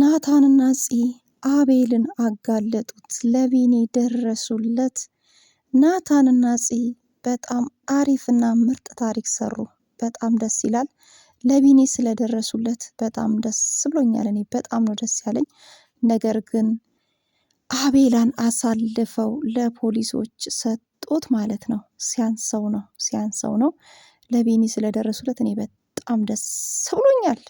ናታንና ጺ አቤልን አጋለጡት፣ ለቢኒ ደረሱለት። ናታንና ጺ በጣም አሪፍና ምርጥ ታሪክ ሰሩ። በጣም ደስ ይላል። ለቢኒ ስለደረሱለት በጣም ደስ ብሎኛል። እኔ በጣም ነው ደስ ያለኝ። ነገር ግን አቤላን አሳልፈው ለፖሊሶች ሰጡት ማለት ነው። ሲያንሰው ነው ሲያንሰው ነው። ለቢኒ ስለደረሱለት እኔ በጣም ደስ ብሎኛል።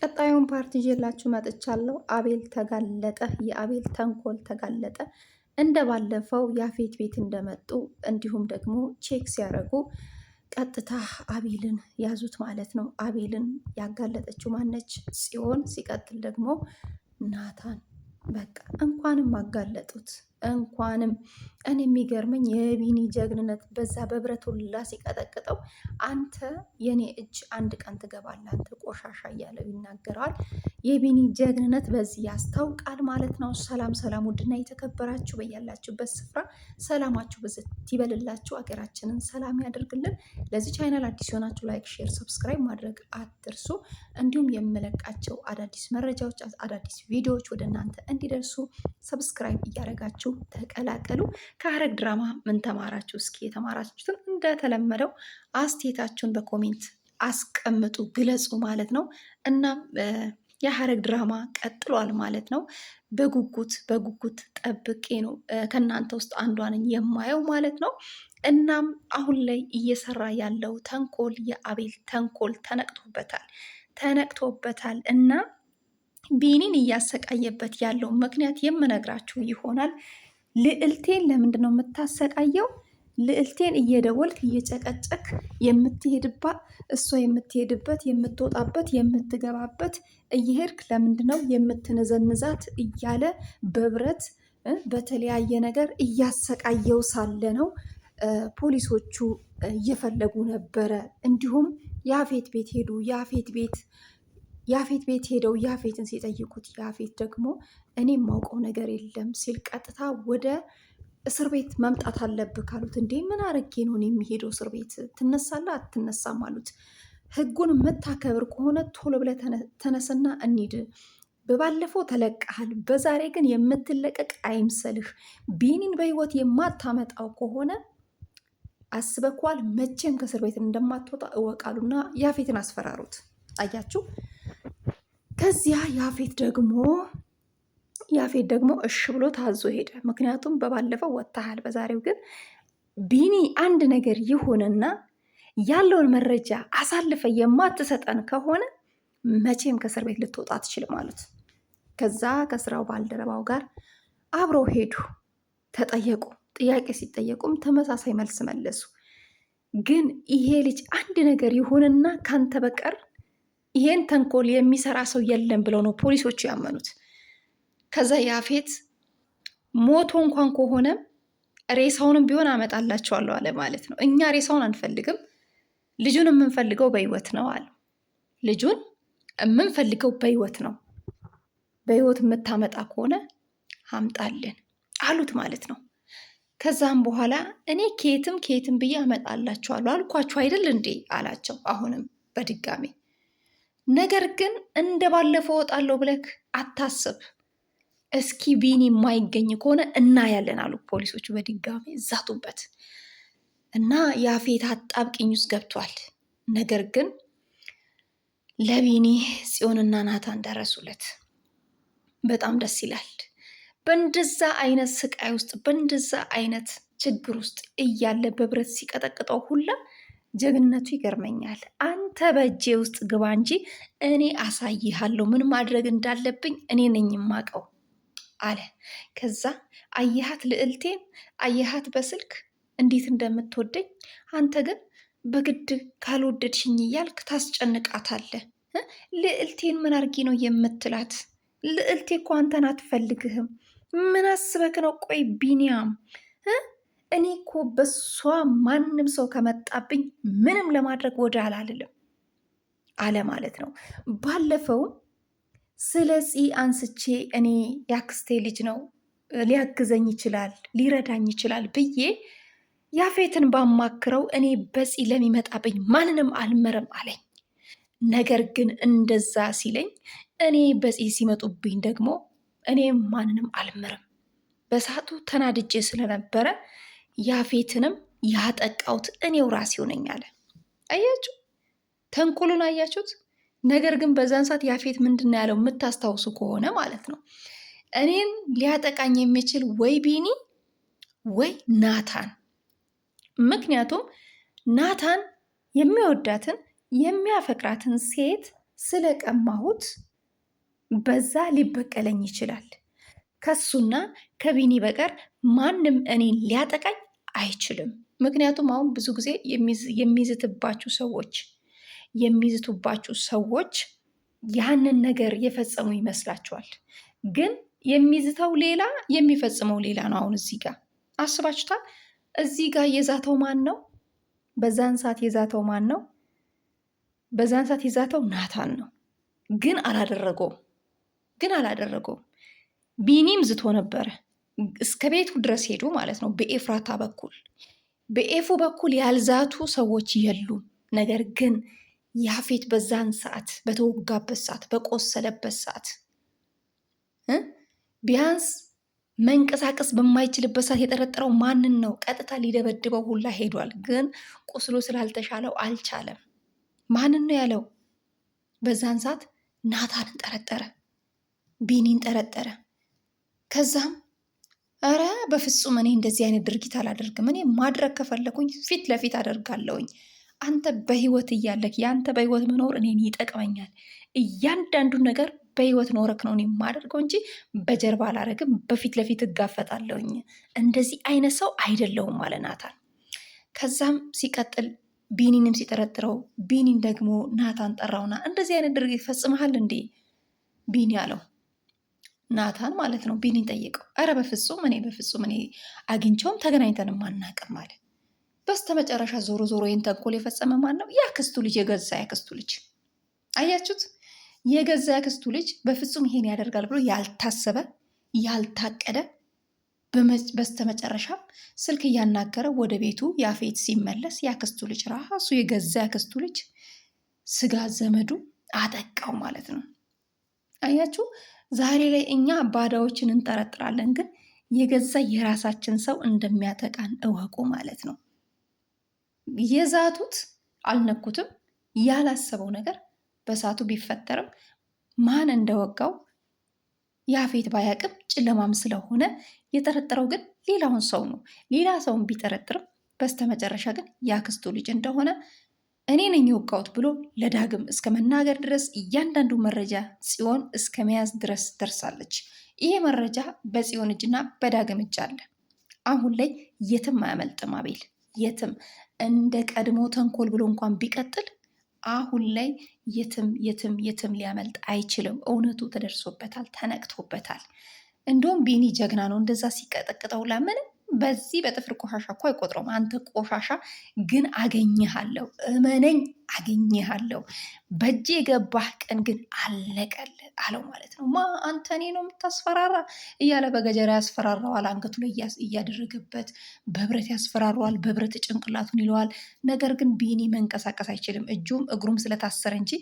ቀጣዩን ፓርቲ ይዤላችሁ መጥቻለሁ። አቤል ተጋለጠ፣ የአቤል ተንኮል ተጋለጠ። እንደ ባለፈው ያፌት ቤት እንደመጡ እንዲሁም ደግሞ ቼክ ሲያደርጉ ቀጥታ አቤልን ያዙት ማለት ነው። አቤልን ያጋለጠችው ማነች? ጽዮን። ሲቀጥል ደግሞ ናታን። በቃ እንኳንም አጋለጡት። እንኳንም እኔ የሚገርመኝ የቢኒ ጀግንነት በዛ በብረት ሁላ ሲቀጠቅጠው አንተ የኔ እጅ አንድ ቀን ትገባለህ አንተ ቆሻሻ እያለው ይናገረዋል። የቢኒ ጀግንነት በዚህ ያስታውቃል ማለት ነው። ሰላም ሰላም፣ ውድና የተከበራችሁ በያላችሁበት ስፍራ ሰላማችሁ ብዝት ይበልላችሁ፣ ሀገራችንን ሰላም ያደርግልን። ለዚህ ቻይናል አዲስ የሆናችሁ ላይክ፣ ሼር፣ ሰብስክራይብ ማድረግ አትርሱ። እንዲሁም የምለቃቸው አዳዲስ መረጃዎች፣ አዳዲስ ቪዲዮዎች ወደ እናንተ እንዲደርሱ ሰብስክራይብ እያደረጋችሁ ተቀላቀሉ። ከሐረግ ድራማ ምን ተማራችሁ? እስኪ የተማራችሁትን እንደተለመደው አስተያየታችሁን በኮሜንት አስቀምጡ፣ ግለጹ ማለት ነው። እናም የሐረግ ድራማ ቀጥሏል ማለት ነው። በጉጉት በጉጉት ጠብቄ ነው ከእናንተ ውስጥ አንዷ ነኝ የማየው ማለት ነው። እናም አሁን ላይ እየሰራ ያለው ተንኮል የአቤል ተንኮል ተነቅቶበታል ተነቅቶበታል እና ቢኒን እያሰቃየበት ያለው ምክንያት የምነግራችሁ ይሆናል። ልዕልቴን ለምንድን ነው የምታሰቃየው? ልዕልቴን እየደወልክ እየጨቀጨክ የምትሄድባት እሷ የምትሄድበት የምትወጣበት የምትገባበት እየሄድክ ለምንድን ነው የምትነዘንዛት? እያለ በብረት በተለያየ ነገር እያሰቃየው ሳለ ነው ፖሊሶቹ እየፈለጉ ነበረ። እንዲሁም የአፌት ቤት ሄዱ። የአፌት ቤት ያፌት ቤት ሄደው ያፌትን ሲጠይቁት ያፌት ደግሞ እኔ የማውቀው ነገር የለም ሲል ቀጥታ ወደ እስር ቤት መምጣት አለብህ ካሉት፣ እንዴ ምን አረጌ ነው የሚሄደው እስር ቤት ትነሳለህ አትነሳም አሉት። ህጉን የምታከብር ከሆነ ቶሎ ብለህ ተነስና እንሂድ። በባለፈው ተለቀሃል፣ በዛሬ ግን የምትለቀቅ አይምሰልህ። ቢኒን በህይወት የማታመጣው ከሆነ አስበኳል መቼም ከእስር ቤት እንደማትወጣ እወቃሉና ያፌትን አስፈራሩት። አያችሁ ከዚያ ያፌት ደግሞ ያፌት ደግሞ እሽ ብሎ ታዞ ሄደ። ምክንያቱም በባለፈው ወጥተሃል፣ በዛሬው ግን ቢኒ አንድ ነገር ይሁንና ያለውን መረጃ አሳልፈ የማትሰጠን ከሆነ መቼም ከእስር ቤት ልትወጣ አትችልም አሉት። ከዛ ከስራው ባልደረባው ጋር አብረው ሄዱ፣ ተጠየቁ። ጥያቄ ሲጠየቁም ተመሳሳይ መልስ መለሱ። ግን ይሄ ልጅ አንድ ነገር ይሁንና ካንተ በቀር ይሄን ተንኮል የሚሰራ ሰው የለም ብለው ነው ፖሊሶቹ ያመኑት። ከዛ ያፌት ሞቶ እንኳን ከሆነ ሬሳውንም ቢሆን አመጣላቸዋለሁ አለ ማለት ነው። እኛ ሬሳውን አንፈልግም፣ ልጁን የምንፈልገው በህይወት ነው አለ። ልጁን የምንፈልገው በህይወት ነው፣ በህይወት የምታመጣ ከሆነ አምጣልን አሉት ማለት ነው። ከዛም በኋላ እኔ ኬትም ኬትም ብዬ አመጣላቸዋለሁ አልኳቸው አይደል እንዴ አላቸው። አሁንም በድጋሜ። ነገር ግን እንደ ባለፈው እወጣለሁ ብለክ አታስብ፣ እስኪ ቢኒ የማይገኝ ከሆነ እናያለን አሉ ፖሊሶቹ በድጋሚ እዛቱበት እና የአፌት አጣብቂኝ ውስጥ ገብቷል። ነገር ግን ለቢኒ ጽዮንና ናታን ደረሱለት። በጣም ደስ ይላል። በእንደዛ አይነት ስቃይ ውስጥ በእንደዛ አይነት ችግር ውስጥ እያለ በብረት ሲቀጠቅጠው ሁላ ጀግንነቱ ይገርመኛል። አንተ በእጄ ውስጥ ግባ እንጂ እኔ አሳይሃለሁ ምን ማድረግ እንዳለብኝ እኔ ነኝ የማውቀው አለ። ከዛ አየሃት ልዕልቴን፣ አየሃት በስልክ እንዴት እንደምትወደኝ አንተ ግን በግድ ካልወደድሽኝ እያልክ ታስጨንቃታለህ። ልዕልቴን ምን አርጊ ነው የምትላት? ልዕልቴ እኮ አንተን አትፈልግህም። ምን አስበክ ነው? ቆይ ቢኒያም እኔ እኮ በሷ ማንም ሰው ከመጣብኝ ምንም ለማድረግ ወደ አላልልም አለ ማለት ነው። ባለፈው ስለ ፂ አንስቼ እኔ ያክስቴ ልጅ ነው ሊያግዘኝ ይችላል ሊረዳኝ ይችላል ብዬ ያፌትን ባማክረው እኔ በፂ ለሚመጣብኝ ማንንም አልምርም አለኝ። ነገር ግን እንደዛ ሲለኝ እኔ በፂ ሲመጡብኝ ደግሞ እኔ ማንንም አልምርም። በሰዓቱ ተናድጄ ስለነበረ ያፌትንም ያጠቃሁት እኔው ራሴው ነኝ አለ። አያችሁ ተንኮሉን አያችሁት። ነገር ግን በዛን ሰዓት ያፌት ምንድን ነው ያለው? የምታስታውሱ ከሆነ ማለት ነው እኔን ሊያጠቃኝ የሚችል ወይ ቢኒ ወይ ናታን። ምክንያቱም ናታን የሚወዳትን የሚያፈቅራትን ሴት ስለቀማሁት በዛ ሊበቀለኝ ይችላል። ከሱና ከቢኒ በቀር ማንም እኔን ሊያጠቃኝ አይችልም። ምክንያቱም አሁን ብዙ ጊዜ የሚዝትባችሁ ሰዎች የሚዝቱባችሁ ሰዎች ያንን ነገር የፈጸሙ ይመስላችኋል። ግን የሚዝተው ሌላ የሚፈጽመው ሌላ ነው። አሁን እዚህ ጋር አስባችሁታል። እዚህ ጋር የዛተው ማን ነው? በዛን ሰዓት የዛተው ማን ነው? በዛን ሰዓት የዛተው ናታን ነው። ግን አላደረገውም ግን አላደረገውም። ቢኒም ዝቶ ነበረ እስከ ቤቱ ድረስ ሄዱ ማለት ነው። በኤፍራታ በኩል በኤፉ በኩል ያልዛቱ ሰዎች የሉም። ነገር ግን ያፌት በዛን ሰዓት በተወጋበት ሰዓት በቆሰለበት ሰዓት ቢያንስ መንቀሳቀስ በማይችልበት ሰዓት የጠረጠረው ማንን ነው? ቀጥታ ሊደበድበው ሁላ ሄዷል። ግን ቁስሉ ስላልተሻለው አልቻለም። ማንን ነው ያለው? በዛን ሰዓት ናታንን ጠረጠረ፣ ቢኒን ጠረጠረ። ከዛም እረ በፍጹም እኔ እንደዚህ አይነት ድርጊት አላደርግም። እኔ ማድረግ ከፈለኩኝ ፊት ለፊት አደርጋለሁኝ። አንተ በህይወት እያለክ የአንተ በህይወት መኖር እኔን ይጠቅመኛል። እያንዳንዱ ነገር በህይወት ኖረክ ነው እኔ የማደርገው እንጂ በጀርባ አላረግም። በፊት ለፊት እጋፈጣለሁኝ። እንደዚህ አይነት ሰው አይደለሁም አለ ናታን። ከዛም ሲቀጥል ቢኒንም ሲጠረጥረው ቢኒን ደግሞ ናታን ጠራውና እንደዚህ አይነት ድርጊት ፈጽመሃል እንዴ ቢኒ አለው። ናታን ማለት ነው ቢኒን ጠየቀው። አረ በፍጹም እኔ በፍጹም እኔ አግኝቸውም ተገናኝተንም አናውቅም አለ። በስተመጨረሻ ዞሮ ዞሮ ይህን ተንኮል የፈጸመ ማን ነው? ያክስቱ ልጅ፣ የገዛ ያክስቱ ልጅ። አያችሁት? የገዛ ያክስቱ ልጅ በፍጹም ይሄን ያደርጋል ብሎ ያልታሰበ ያልታቀደ፣ በስተመጨረሻ ስልክ እያናገረ ወደ ቤቱ ያፌት ሲመለስ ያክስቱ ልጅ ራሱ የገዛ ያክስቱ ልጅ ስጋ ዘመዱ አጠቃው ማለት ነው። አያችሁ፣ ዛሬ ላይ እኛ ባዳዎችን እንጠረጥራለን፣ ግን የገዛ የራሳችን ሰው እንደሚያጠቃን እወቁ ማለት ነው። የዛቱት አልነኩትም። ያላሰበው ነገር በሳቱ ቢፈጠርም ማን እንደወጋው ያፌት ባያቅም ጨለማም ስለሆነ የጠረጠረው ግን ሌላውን ሰው ነው። ሌላ ሰውን ቢጠረጥርም በስተመጨረሻ ግን ያክስቱ ልጅ እንደሆነ እኔ ነኝ የወቃሁት ብሎ ለዳግም እስከ መናገር ድረስ እያንዳንዱ መረጃ ጽዮን እስከ መያዝ ድረስ ደርሳለች። ይሄ መረጃ በጽዮን እጅና በዳግም እጅ አለ። አሁን ላይ የትም አያመልጥም አቤል፣ የትም እንደ ቀድሞ ተንኮል ብሎ እንኳን ቢቀጥል አሁን ላይ የትም የትም የትም ሊያመልጥ አይችልም። እውነቱ ተደርሶበታል፣ ተነቅቶበታል። እንደውም ቢኒ ጀግና ነው እንደዛ ሲቀጠቅጠው ለምንም በዚህ በጥፍር ቆሻሻ እኮ አይቆጥረውም። አንተ ቆሻሻ ግን አገኘሃለሁ፣ እመነኝ አገኘሃለሁ። በእጅ የገባህ ቀን ግን አለቀልህ አለው ማለት ነው። ማ አንተ እኔ ነው የምታስፈራራ እያለ በገጀራ ያስፈራረዋል። አንገቱ ላይ እያደረገበት በብረት ያስፈራረዋል። በብረት ጭንቅላቱን ይለዋል። ነገር ግን ቢኒ መንቀሳቀስ አይችልም፣ እጁም እግሩም ስለታሰረ እንጂ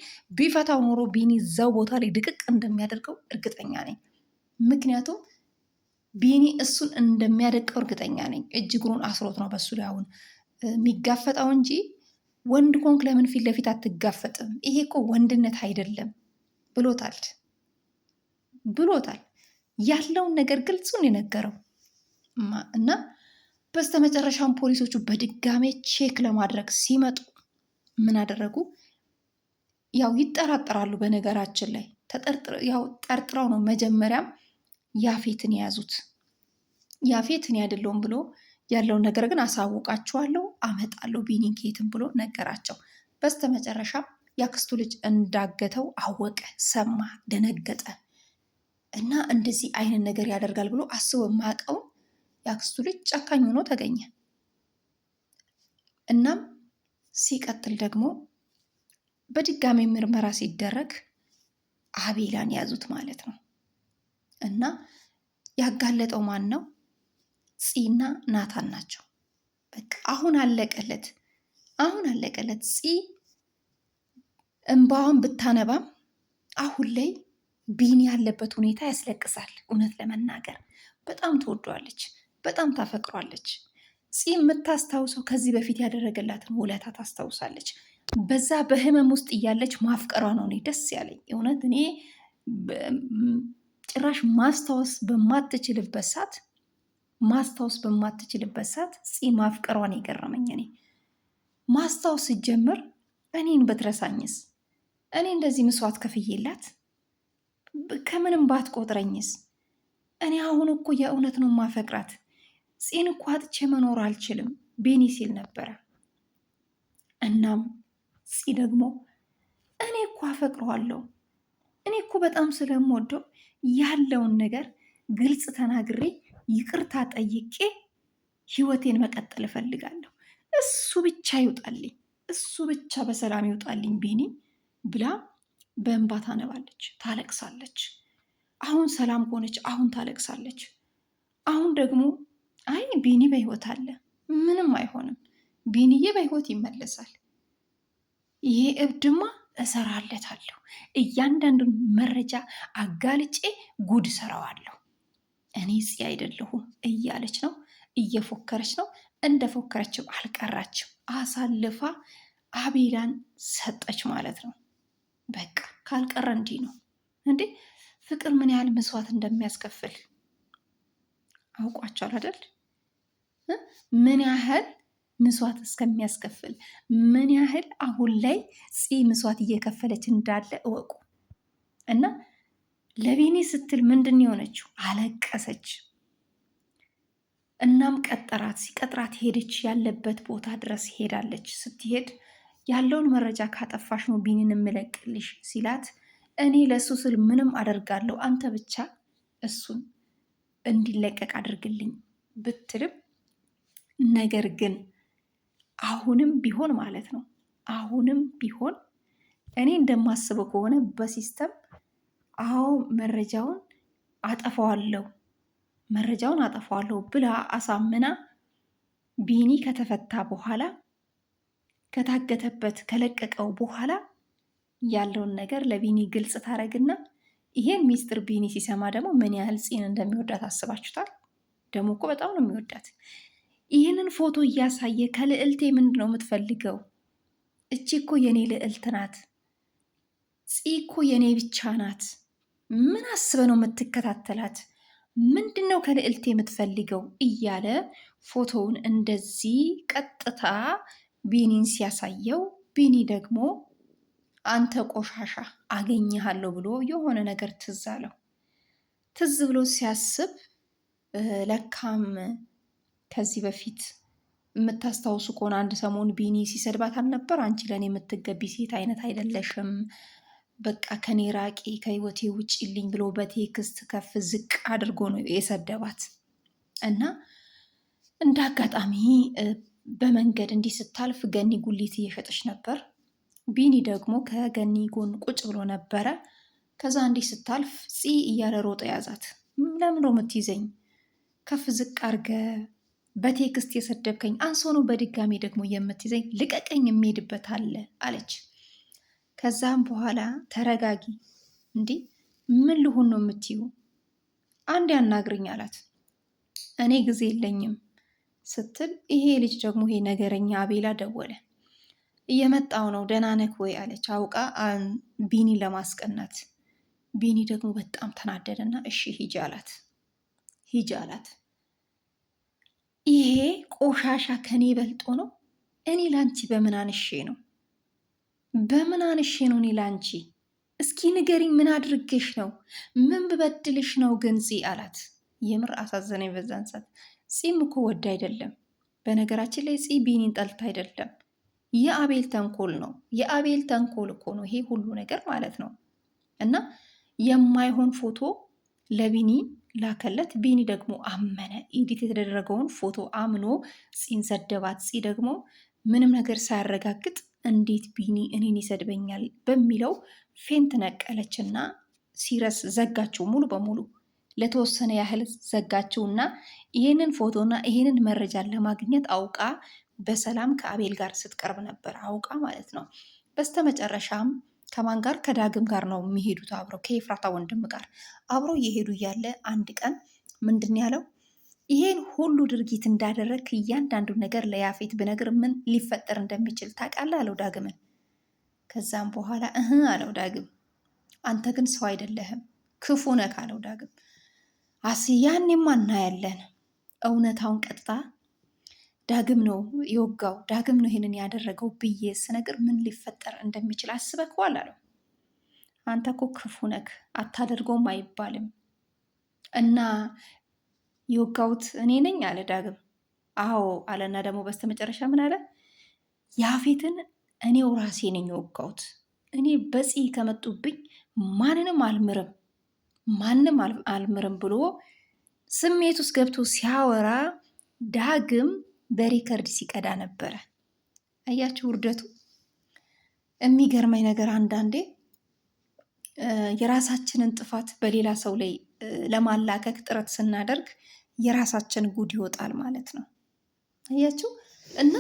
ቢፈታው ኖሮ ቢኒ እዛው ቦታ ላይ ድቅቅ እንደሚያደርገው እርግጠኛ ነኝ። ምክንያቱም ቢኒ እሱን እንደሚያደቀው እርግጠኛ ነኝ። እጅ እግሩን አስሮት ነው በሱ ላይ አሁን የሚጋፈጠው እንጂ ወንድ ኮንክ ለምን ፊት ለፊት አትጋፈጥም? ይሄ እኮ ወንድነት አይደለም ብሎታል ብሎታል። ያለውን ነገር ግልጹን የነገረው እና በስተመጨረሻም ፖሊሶቹ በድጋሜ ቼክ ለማድረግ ሲመጡ ምን አደረጉ? ያው ይጠራጠራሉ። በነገራችን ላይ ያው ጠርጥረው ነው መጀመሪያም ያፌትን የያዙት። ያፌት እኔ አይደለሁም ብሎ ያለውን ነገር ግን አሳውቃችኋለሁ፣ አመጣለሁ ቢኒን ከየትም ብሎ ነገራቸው። በስተመጨረሻ ያክስቱ ልጅ እንዳገተው አወቀ፣ ሰማ፣ ደነገጠ እና እንደዚህ አይነት ነገር ያደርጋል ብሎ አስቦ የማያውቀው ያክስቱ ልጅ ጨካኝ ሆኖ ተገኘ። እናም ሲቀጥል ደግሞ በድጋሚ ምርመራ ሲደረግ አቤላን ያዙት ማለት ነው። እና ያጋለጠው ማን ነው? ፂና ናታን ናቸው። በቃ አሁን አለቀለት፣ አሁን አለቀለት። ፂ እምባውን ብታነባም አሁን ላይ ቢኒ ያለበት ሁኔታ ያስለቅሳል። እውነት ለመናገር በጣም ትወዷለች፣ በጣም ታፈቅሯለች። ፂ የምታስታውሰው ከዚህ በፊት ያደረገላትን ውለታ ታስታውሳለች። በዛ በህመም ውስጥ እያለች ማፍቀሯ ነው እኔ ደስ ያለኝ እውነት እኔ ጭራሽ ማስታወስ በማትችልበት ሰዓት ማስታወስ በማትችልበት ሰዓት ፂ ማፍቀሯን የገረመኝ እኔ ማስታወስ ስጀምር እኔን ብትረሳኝስ እኔ እንደዚህ ምስዋት ከፍዬላት ከምንም ባትቆጥረኝስ እኔ አሁን እኮ የእውነት ነው ማፈቅራት ፂን እኮ አጥቼ መኖር አልችልም ቤኒ ሲል ነበረ እናም ፂ ደግሞ እኔ እኮ አፈቅረዋለሁ እኔ እኮ በጣም ስለምወደው ያለውን ነገር ግልጽ ተናግሬ ይቅርታ ጠይቄ ህይወቴን መቀጠል እፈልጋለሁ። እሱ ብቻ ይውጣልኝ፣ እሱ ብቻ በሰላም ይውጣልኝ ቢኒ ብላ በእንባ ታነባለች፣ ታለቅሳለች። አሁን ሰላም ከሆነች አሁን ታለቅሳለች። አሁን ደግሞ አይ ቢኒ በህይወት አለ፣ ምንም አይሆንም፣ ቢኒዬ በህይወት ይመለሳል። ይሄ እብድማ እሰራለታለሁ። እያንዳንዱን መረጃ አጋልጬ ጉድ ሰራዋለሁ። እኔ ጽ አይደለሁም እያለች ነው፣ እየፎከረች ነው። እንደፎከረችም አልቀራችም። አሳልፋ አቤላን ሰጠች ማለት ነው። በቃ ካልቀረ እንዲህ ነው እንዴ! ፍቅር ምን ያህል መስዋዕት እንደሚያስከፍል አውቋቸዋል አይደል? ምን ያህል ምስዋት እስከሚያስከፍል ምን ያህል አሁን ላይ ፂ ምስዋት እየከፈለች እንዳለ እወቁ እና ለቢኒ ስትል ምንድን የሆነችው አለቀሰች። እናም ቀጠራት። ሲቀጥራት ሄደች፣ ያለበት ቦታ ድረስ ሄዳለች። ስትሄድ ያለውን መረጃ ካጠፋሽ ነው ቢኒን የምለቅልሽ ሲላት እኔ ለእሱ ስል ምንም አደርጋለሁ፣ አንተ ብቻ እሱን እንዲለቀቅ አድርግልኝ ብትልም ነገር ግን አሁንም ቢሆን ማለት ነው አሁንም ቢሆን እኔ እንደማስበው ከሆነ በሲስተም አዎ መረጃውን አጠፋዋለሁ መረጃውን አጠፋዋለሁ ብላ አሳምና ቢኒ ከተፈታ በኋላ ከታገተበት ከለቀቀው በኋላ ያለውን ነገር ለቢኒ ግልጽ ታደረግና ይሄን ሚስጥር ቢኒ ሲሰማ ደግሞ ምን ያህል ፂን እንደሚወዳት አስባችሁታል? ደግሞ እኮ በጣም ነው የሚወዳት። ይህንን ፎቶ እያሳየ ከልዕልቴ ምንድን ነው የምትፈልገው? እቺ እኮ የኔ ልዕልት ናት። ፂ እኮ የኔ ብቻ ናት። ምን አስበ ነው የምትከታተላት? ምንድን ነው ከልዕልቴ የምትፈልገው? እያለ ፎቶውን እንደዚህ ቀጥታ ቢኒን ሲያሳየው ቢኒ ደግሞ አንተ ቆሻሻ አገኘሃለሁ ብሎ የሆነ ነገር ትዝ አለው። ትዝ ብሎ ሲያስብ ለካም ከዚህ በፊት የምታስታውሱ ከሆነ አንድ ሰሞን ቢኒ ሲሰድባት አልነበር? አንቺ ለእኔ የምትገቢ ሴት አይነት አይደለሽም፣ በቃ ከኔ ራቂ፣ ከህይወቴ ውጭልኝ ብሎ በቴክስት ከፍ ዝቅ አድርጎ ነው የሰደባት እና እንደ አጋጣሚ በመንገድ እንዲህ ስታልፍ ገኒ ጉሊት እየሸጠች ነበር። ቢኒ ደግሞ ከገኒ ጎን ቁጭ ብሎ ነበረ። ከዛ እንዲህ ስታልፍ ፂ እያለ ሮጠ ያዛት። ለምን ነው የምትይዘኝ? ከፍ ዝቅ አድርገህ በቴክስት የሰደብከኝ አንሶኑ በድጋሚ ደግሞ የምትይዘኝ ልቀቀኝ፣ የሚሄድበት አለ አለች። ከዛም በኋላ ተረጋጊ፣ እንዲህ ምን ልሁን ነው የምትዩ? አንድ ያናግርኝ አላት። እኔ ጊዜ የለኝም ስትል ይሄ ልጅ ደግሞ ይሄ ነገረኛ አቤላ ደወለ። እየመጣው ነው ደህና ነህ ወይ አለች፣ አውቃ ቢኒ ለማስቀናት። ቢኒ ደግሞ በጣም ተናደደና እሺ ሂጅ አላት ሂጅ አላት። ይሄ ቆሻሻ ከኔ በልጦ ነው? እኔ ላንቺ በምን አንሼ ነው? በምን አንሼ ነው እኔ ላንቺ? እስኪ ንገሪኝ፣ ምን አድርጌሽ ነው? ምን ብበድልሽ ነው ግን አላት። የምር አሳዘነኝ በዛን ሰዓት። ፂም እኮ ወድ አይደለም በነገራችን ላይ ፂ ቢኒን ጠልት አይደለም፣ የአቤል ተንኮል ነው። የአቤል ተንኮል እኮ ነው ይሄ ሁሉ ነገር ማለት ነው። እና የማይሆን ፎቶ ለቢኒ ላከለት። ቢኒ ደግሞ አመነ። ኢዲት የተደረገውን ፎቶ አምኖ ፂን ሰደባት። ፂ ደግሞ ምንም ነገር ሳያረጋግጥ እንዴት ቢኒ እኔን ይሰድበኛል በሚለው ፌንት ነቀለች እና ሲረስ ዘጋችው ሙሉ በሙሉ ለተወሰነ ያህል ዘጋችው እና ይህንን ፎቶና ይህንን መረጃን ለማግኘት አውቃ በሰላም ከአቤል ጋር ስትቀርብ ነበር። አውቃ ማለት ነው። በስተመጨረሻም ከማን ጋር ከዳግም ጋር ነው የሚሄዱት አብረው ከኤፍራታ ወንድም ጋር አብረው እየሄዱ እያለ አንድ ቀን ምንድን ያለው ይሄን ሁሉ ድርጊት እንዳደረግ እያንዳንዱ ነገር ለያፌት ብነግር ምን ሊፈጠር እንደሚችል ታውቃለህ አለው ዳግምን ከዛም በኋላ እህ አለው ዳግም አንተ ግን ሰው አይደለህም ክፉ ነህ አለው ዳግም አስ ያኔማ እናያለን እውነታውን ቀጥታ ዳግም ነው የወጋው፣ ዳግም ነው ይሄንን ያደረገው ብዬ ስነግር ምን ሊፈጠር እንደሚችል አስበከዋል አለው። አንተ እኮ ክፉ ነክ አታደርገውም አይባልም እና የወጋውት እኔ ነኝ አለ ዳግም። አዎ አለና ደግሞ በስተመጨረሻ ምን አለ? ያፌትን እኔው ራሴ ነኝ የወጋውት። እኔ በፂ ከመጡብኝ ማንንም አልምርም፣ ማንም አልምርም ብሎ ስሜት ውስጥ ገብቶ ሲያወራ ዳግም በሪከርድ ሲቀዳ ነበረ። አያችሁ ውርደቱ። የሚገርመኝ ነገር አንዳንዴ የራሳችንን ጥፋት በሌላ ሰው ላይ ለማላከክ ጥረት ስናደርግ የራሳችን ጉድ ይወጣል ማለት ነው። አያችሁ እና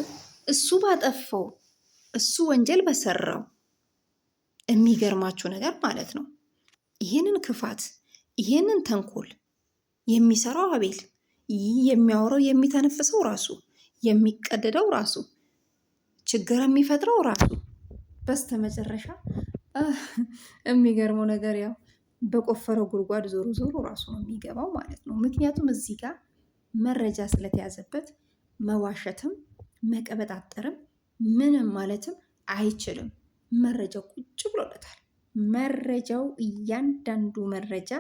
እሱ ባጠፈው እሱ ወንጀል በሰራው የሚገርማችሁ ነገር ማለት ነው ይህንን ክፋት ይህንን ተንኮል የሚሰራው አቤል፣ ይህ የሚያወራው የሚተነፍሰው ራሱ የሚቀደደው ራሱ፣ ችግር የሚፈጥረው ራሱ። በስተ መጨረሻ የሚገርመው ነገር ያው በቆፈረው ጉድጓድ ዞሮ ዞሮ ራሱ ነው የሚገባው ማለት ነው። ምክንያቱም እዚህ ጋር መረጃ ስለተያዘበት መዋሸትም መቀበጣጠርም ምንም ማለትም አይችልም። መረጃው ቁጭ ብሎለታል። መረጃው እያንዳንዱ መረጃ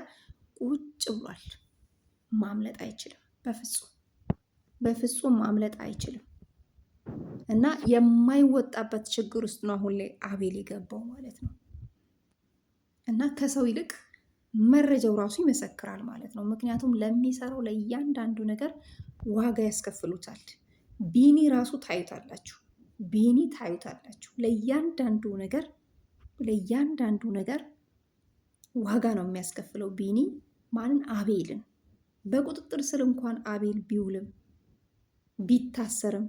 ቁጭ ብሏል። ማምለጥ አይችልም በፍጹም። በፍጹም ማምለጥ አይችልም እና የማይወጣበት ችግር ውስጥ ነው አሁን ላይ አቤል የገባው ማለት ነው። እና ከሰው ይልቅ መረጃው ራሱ ይመሰክራል ማለት ነው። ምክንያቱም ለሚሰራው ለእያንዳንዱ ነገር ዋጋ ያስከፍሉታል። ቢኒ ራሱ ታዩታላችሁ፣ ቢኒ ታዩታላችሁ። ለእያንዳንዱ ነገር ለእያንዳንዱ ነገር ዋጋ ነው የሚያስከፍለው ቢኒ ማንን? አቤልን በቁጥጥር ስር እንኳን አቤል ቢውልም ቢታሰርም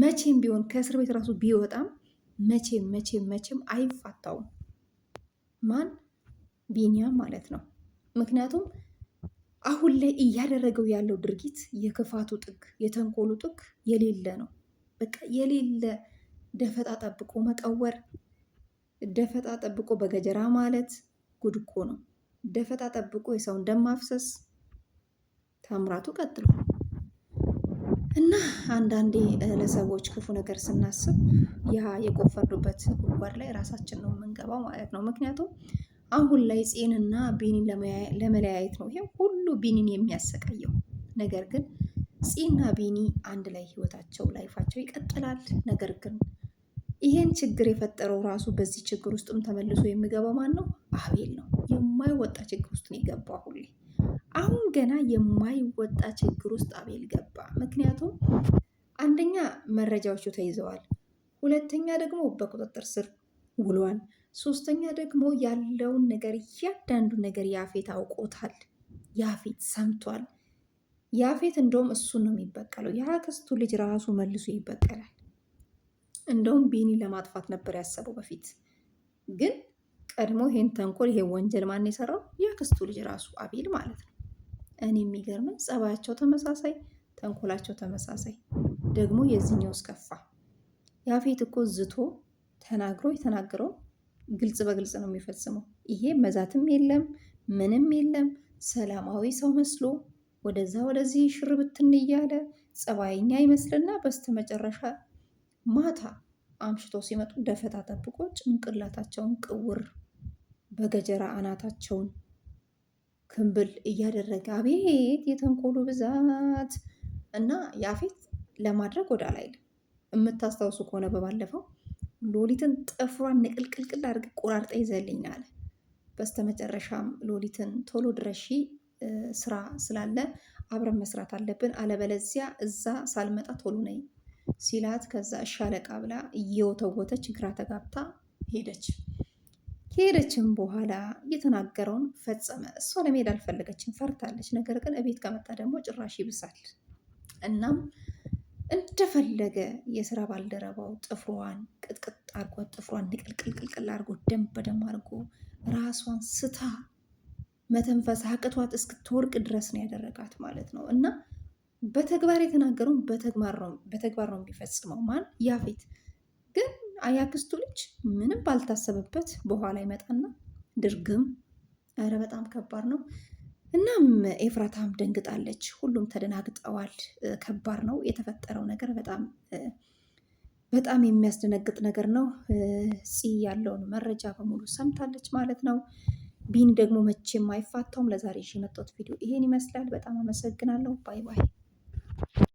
መቼም ቢሆን ከእስር ቤት ራሱ ቢወጣም መቼም መቼም መቼም አይፋታውም። ማን ቢኒያም ማለት ነው። ምክንያቱም አሁን ላይ እያደረገው ያለው ድርጊት የክፋቱ ጥግ፣ የተንኮሉ ጥግ የሌለ ነው። በቃ የሌለ ደፈጣ ጠብቆ መቀወር፣ ደፈጣ ጠብቆ በገጀራ ማለት ጉድቆ ነው። ደፈጣ ጠብቆ የሰውን ደም ማፍሰስ ተምራቱ ቀጥሏል። እና አንዳንዴ ለሰዎች ክፉ ነገር ስናስብ ያ የቆፈርንበት ጉድጓድ ላይ ራሳችን ነው የምንገባው ማለት ነው። ምክንያቱም አሁን ላይ ጼንና ቢኒን ለመለያየት ነው ይሄ ሁሉ ቢኒን የሚያሰቃየው ነገር ግን ፂና ቢኒ አንድ ላይ ህይወታቸው ላይፋቸው ይቀጥላል። ነገር ግን ይሄን ችግር የፈጠረው ራሱ በዚህ ችግር ውስጥም ተመልሶ የሚገባው ማን ነው? አቤል ነው። የማይወጣ ችግር ውስጥ ነው የገባው ሁሌ አሁን ገና የማይወጣ ችግር ውስጥ አቤል ገባ። ምክንያቱም አንደኛ መረጃዎቹ ተይዘዋል፣ ሁለተኛ ደግሞ በቁጥጥር ስር ውሏል፣ ሶስተኛ ደግሞ ያለውን ነገር እያንዳንዱ ነገር ያፌት አውቆታል፣ ያፌት ሰምቷል። ያፌት እንደውም እሱን ነው የሚበቀለው። የአክስቱ ልጅ ራሱ መልሶ ይበቀላል። እንደውም ቢኒ ለማጥፋት ነበር ያሰበው በፊት ግን ቀድሞ ይሄን ተንኮል ይሄን ወንጀል ማን የሰራው? የአክስቱ ልጅ ራሱ አቤል ማለት ነው። እኔ የሚገርመኝ ጸባያቸው ተመሳሳይ፣ ተንኮላቸው ተመሳሳይ። ደግሞ የዚህኛው እስከፋ ያፌት እኮ ዝቶ ተናግሮ የተናገረው ግልጽ በግልጽ ነው የሚፈጽመው። ይሄ መዛትም የለም ምንም የለም። ሰላማዊ ሰው መስሎ ወደዛ ወደዚህ ሽር ብትን እያለ ጸባይኛ ይመስልና በስተመጨረሻ ማታ አምሽቶ ሲመጡ ደፈታ ጠብቆ ጭንቅላታቸውን ቅውር በገጀራ አናታቸውን ክምብል እያደረገ አቤት የተንኮሉ ብዛት እና ያፌት ለማድረግ ወደ አላይል የምታስታውሱ ከሆነ በባለፈው ሎሊትን ጥፍሯን ንቅልቅልቅል አድርግ ቆራርጠ ይዘልኝ አለ። በስተመጨረሻም ሎሊትን ቶሎ ድረሺ ስራ ስላለ አብረን መስራት አለብን፣ አለበለዚያ እዛ ሳልመጣ ቶሎ ነይ ሲላት፣ ከዛ እሻለቃ ብላ እየወተወተች ግራ ተጋብታ ሄደች። ከሄደችም በኋላ የተናገረውን ፈጸመ። እሷ ለመሄድ አልፈለገችም፣ ፈርታለች። ነገር ግን እቤት ከመጣ ደግሞ ጭራሽ ይብሳል። እናም እንደፈለገ የስራ ባልደረባው ጥፍሯን ቅጥቅጥ አርጎ ጥፍሯን ንቅልቅልቅልቅል አርጎ ደም በደም አርጎ ራሷን ስታ መተንፈስ አቅቷት እስክትወርቅ ድረስ ነው ያደረጋት ማለት ነው። እና በተግባር የተናገረውን በተግባር ነው የሚፈጽመው ማን ያፌት ግን አያክስቱ ልጅ ምንም ባልታሰበበት በኋላ ይመጣና ድርግም። ኧረ በጣም ከባድ ነው። እናም ኤፍራታም ደንግጣለች። ሁሉም ተደናግጠዋል። ከባድ ነው የተፈጠረው ነገር በጣም በጣም የሚያስደነግጥ ነገር ነው። ፂ ያለውን መረጃ በሙሉ ሰምታለች ማለት ነው። ቢኒ ደግሞ መቼም አይፋታውም። ለዛሬ የመጣሁት ቪዲዮ ይሄን ይመስላል። በጣም አመሰግናለሁ። ባይ ባይ።